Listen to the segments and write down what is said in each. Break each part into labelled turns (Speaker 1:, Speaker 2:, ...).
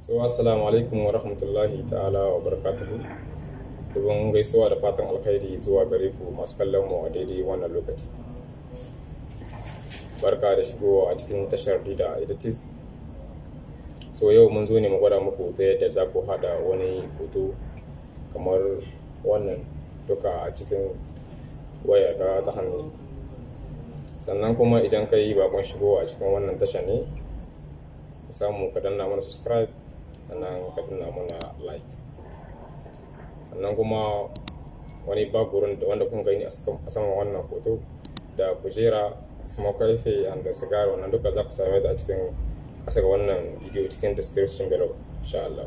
Speaker 1: so assalamu alaikum wa rahmatullahi ta'ala wa barakatuhu dubin gaisuwa da fatan alkhairi zuwa gare ku masu kallon mu a daidai wannan lokaci barka da shigowa a cikin tashar dida editis so yau mun zo ne mu gwada muku ta yadda za ku hada wani hoto kamar wannan duka a cikin waya ta ta hannu sannan kuma idan ka yi bakon shigowa a cikin wannan tasha ne ka samu ka danna mana subscribe sannan ka na mga like sannan kuma wani gurun da wanda kun gani a saman wannan hoto da kujera smoke karfe and da sigari wannan duka za ku same ta a cikin kasa wannan video cikin description below insha Allah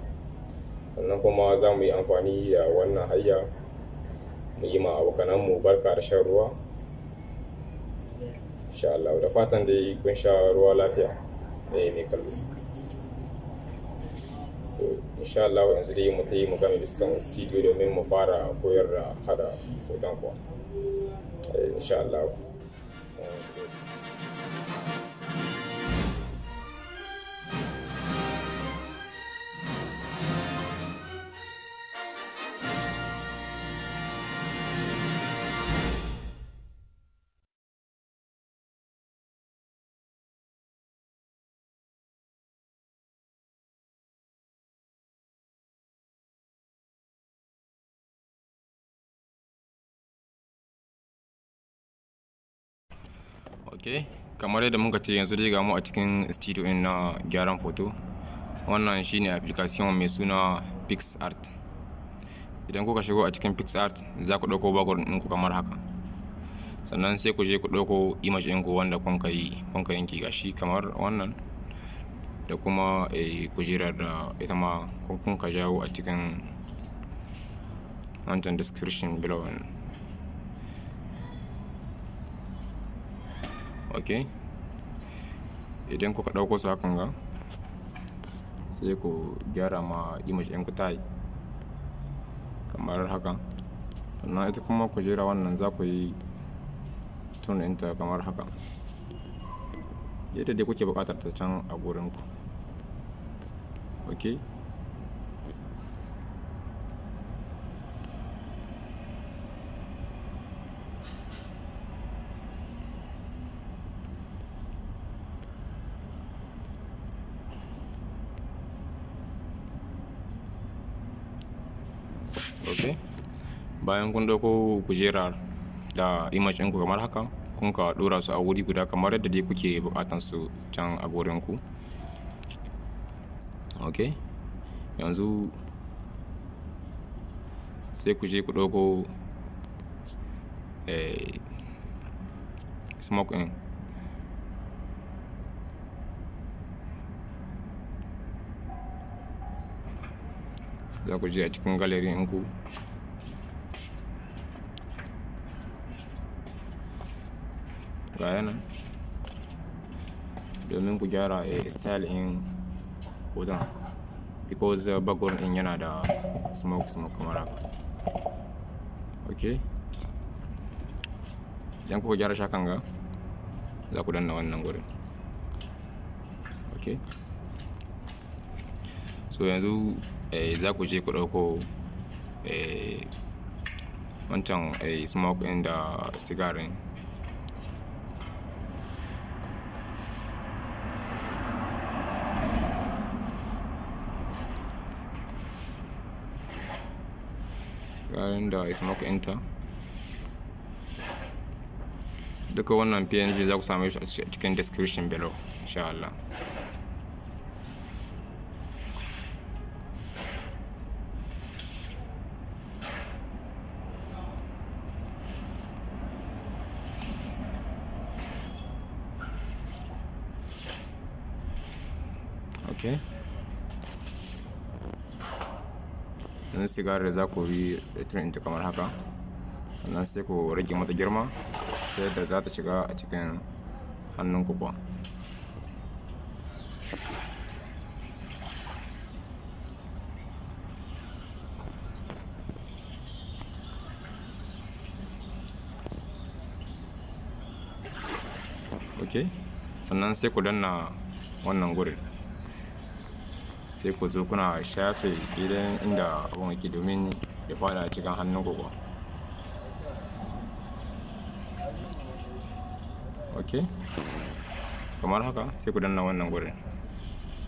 Speaker 1: sannan kuma za mu yi amfani da wannan hayya mu yi ma mu barka da shan ruwa insha Allah da fatan dai kun sha ruwa lafiya eh mai kallo to insha Allah yanzu dai mu ta yi mu game iskan studio domin mu fara koyar da hada hoton kuwa eh, insha Allah ok kamar yadda muka ce yanzu dai ga mu a cikin studio in na gyaran foto wannan shine application mai suna pixart idan kuka shigo a cikin pixart za ku ɗauko background ɗinku kamar haka sannan sai ku je ku ɗauko image ɗinku wanda kun kai gashi kamar wannan da kuma eh, kujerar da ita ma kun ka jawo a cikin wancan description below ok idan kuka ɗauko su hakan ga sai ku gyara ma image ɗin ku yi kamar haka sannan ita kuma ku jira wannan za ku yi tun kamar haka yadda dai kuke buƙatar ta can a gurinku ok ƙarshe bayan kun dauko kujera da image ɗinku kamar haka kun ka ɗora su a wuri guda kamar yadda dai kuke bukatan su can a gurin ku ok yanzu sai ku je ku ɗauko eh, smoke in zaku je a cikin galerin ku ga domin ku gyara a eh, style in hoton eh, in yana da smoke smoke kamar haka ok idan kuka gyara za danna wannan gurin ok so yanzu Eh, za ku je ku ɗauko eh, wancan eh, smoke ɗin da sigarin sigarin da smoke ta duka wannan png za ku same shi a cikin description below insha Allah sannan yanzu da za ku bi retin ɗinta kamar haka sannan sai ku rage mata girma ta yadda za ta shiga a cikin hannun kuwa ok sannan sai ku danna wannan gurin sai ku zo kuna shafe gidan inda abin yake domin ya fada a cikin hannun ku ok kamar haka sai ku danna wannan gurin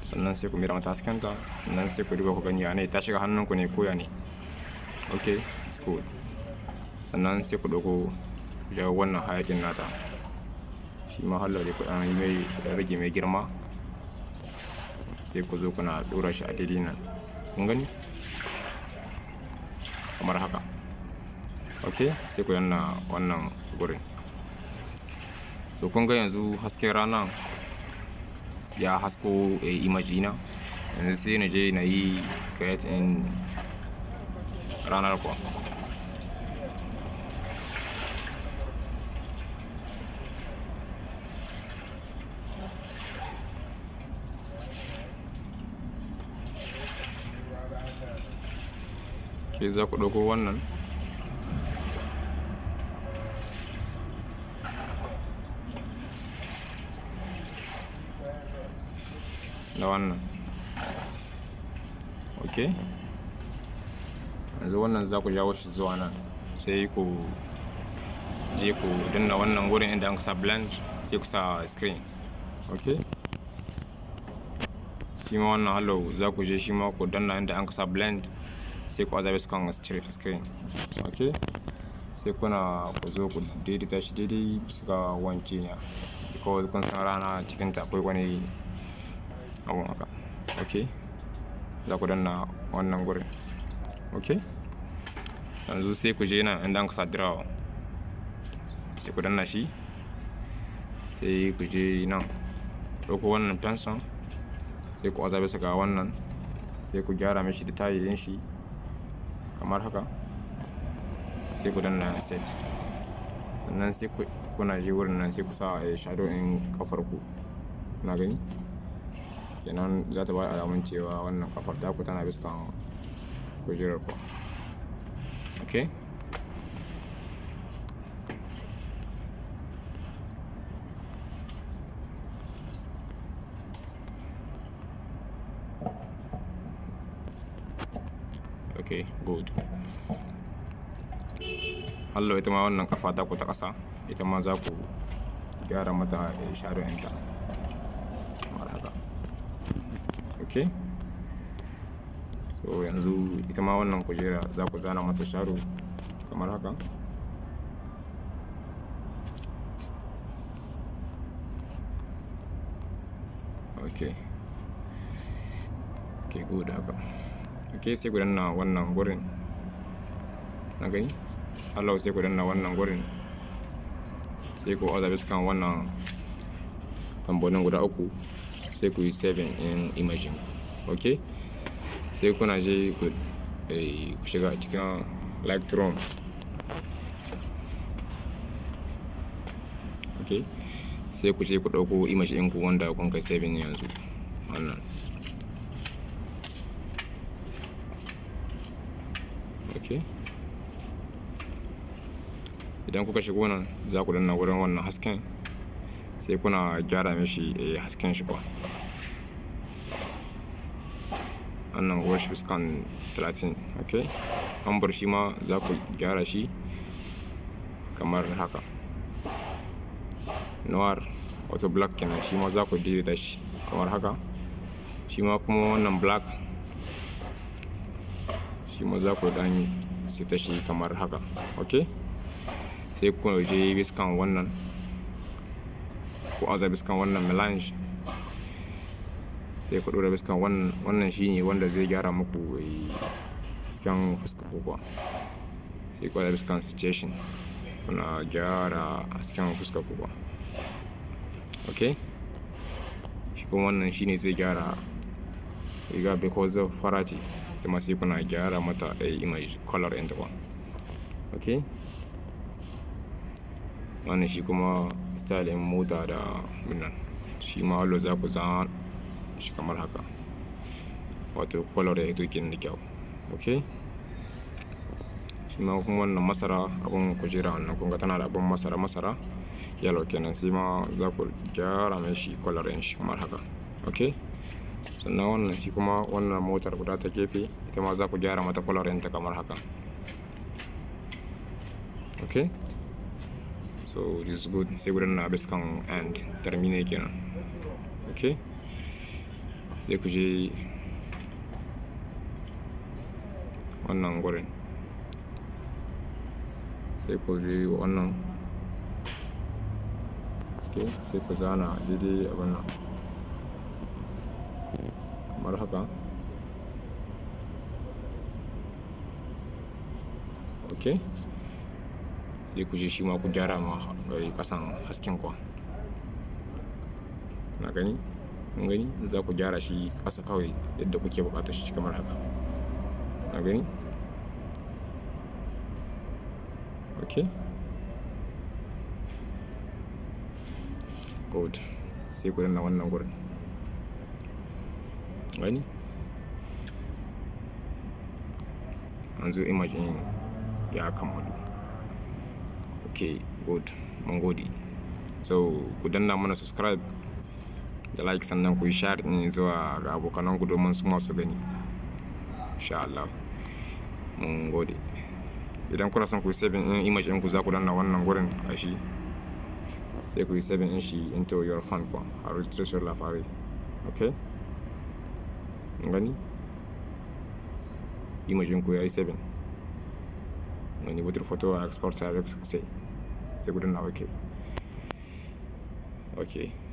Speaker 1: sannan sai ku mira mata haskenta sannan sai ku duba ku gani yanayi ta shiga hannunku ne ko ya ne ok school sannan sai ku ɗauko jawo wannan hayakin nata shi ma hallar da ku ɗan yi mai rage mai girma sai ku zo kuna dora shi a daidai nan kun gani kamar haka ok sai ku danna wannan gurin so kun ga yanzu hasken rana ya hasko a eh, imaji na yanzu sai na je na yi create in ranar kwa ke za ku ɗauko wannan da wannan ok yanzu wannan za ku jawo shi zuwa nan sai ku je ku danna wannan wurin inda an kusa blend sai ku sa screen ok shi ma wannan hallo za ku je shi ma ku danna inda an kusa blend sai ku azabe sukan kan cire screen ok sai kuna ku zo ku daidaita shi daidai bisa ga wance ya because kun san rana cikin ta akwai wani abun haka ok za ku danna wannan gurin ok yanzu sai ku je nan inda an kasa draw sai ku danna shi sai ku je nan ɗauko wannan fensan sai ku azabe su ga wannan sai ku gyara mishi da yin shi kamar haka sai ku danna set sannan sai kuna ji wurin nan sai ku sa eh, shadow in kafar ku na gani kenan za ta ba alamun cewa wannan kafar taku tana bisa kujerar ku okay okay good hallo ita ma wannan kafa ta ku ta ƙasa ita ma za ku gyara mata eh, sharu enter kamar okay so yanzu ita ma wannan kujera za ku zana mata shadow kamar haka okay okay good haka ok sai ku danna wannan gurin na gani allahu sai ku danna wannan gurin sai ku other kan wannan tambonin guda uku sai ku yi saving in imaging ok sai kuna je ku eh, shiga cikin lightroom ok sai ku je ku ɗauko image ɗinku wanda kun kai saving yanzu wannan ok idan kuka shigo nan za ku danna wurin wannan hasken sai kuna gyara mishi eh, hasken shi ba wannan wash scan 13 ok an bar shi ma za ku gyara shi kamar haka noir wato black kenan shi ma za ku daidaita shi kamar haka shi ma kuma wannan black shi ma za ku dan sita shi kamar haka ok sai ku je biskan wannan ku aza biskan wannan melange sai ku dora biskan wannan wannan shine wanda zai gyara muku biskan eh, fuska kuwa sai ku aza biskan situation kuna gyara hasken fuska kuwa ok shi kuma wannan shine zai gyara riga because of farace kuma sai kuna gyara mata a eh, yi image color and all ok wannan shi kuma stylin mota da minan shi ma allo za ku zama shi kamar haka wato color ya hito kenan da kyau ok shi ma kuma wannan masara abin kujera wannan kunga tana da abin masara masara yalo kenan sai ma za ku gyara mai shi color ɗin shi kamar haka ok sannan wannan shi kuma wannan motar guda ta gefe ita ma za ku gyara mata kwalarinta kamar haka ok so this is good sai gudanar na biskan and termine kenan ok sai ku je wannan gurin sai ku je wannan ok sai ku zana daidai abin nan kamar ok sai ku je shi ma ku gyara ma kasan eh, hasken kwa na gani kun gani za ku gyara shi kasa kawai yadda kuke bukata shi kamar haka na gani ok good sai ku danna wannan gurin Ready? And so imagine ɗin ya kammalu Okay, good Mongodi. So good ku I'm gonna subscribe The likes and then we share ne zuwa ga abokanan ku domin su masu gani insha Allah mun gode idan kuna son ku yi saving in image ɗin ku za ku danna wannan gurin a shi sai ku yi saving in shi into your phone kwa a registration lafari okay gani imagine ku ya yi 7 wani butar foto a export a 6 60 sai gudun na ok ok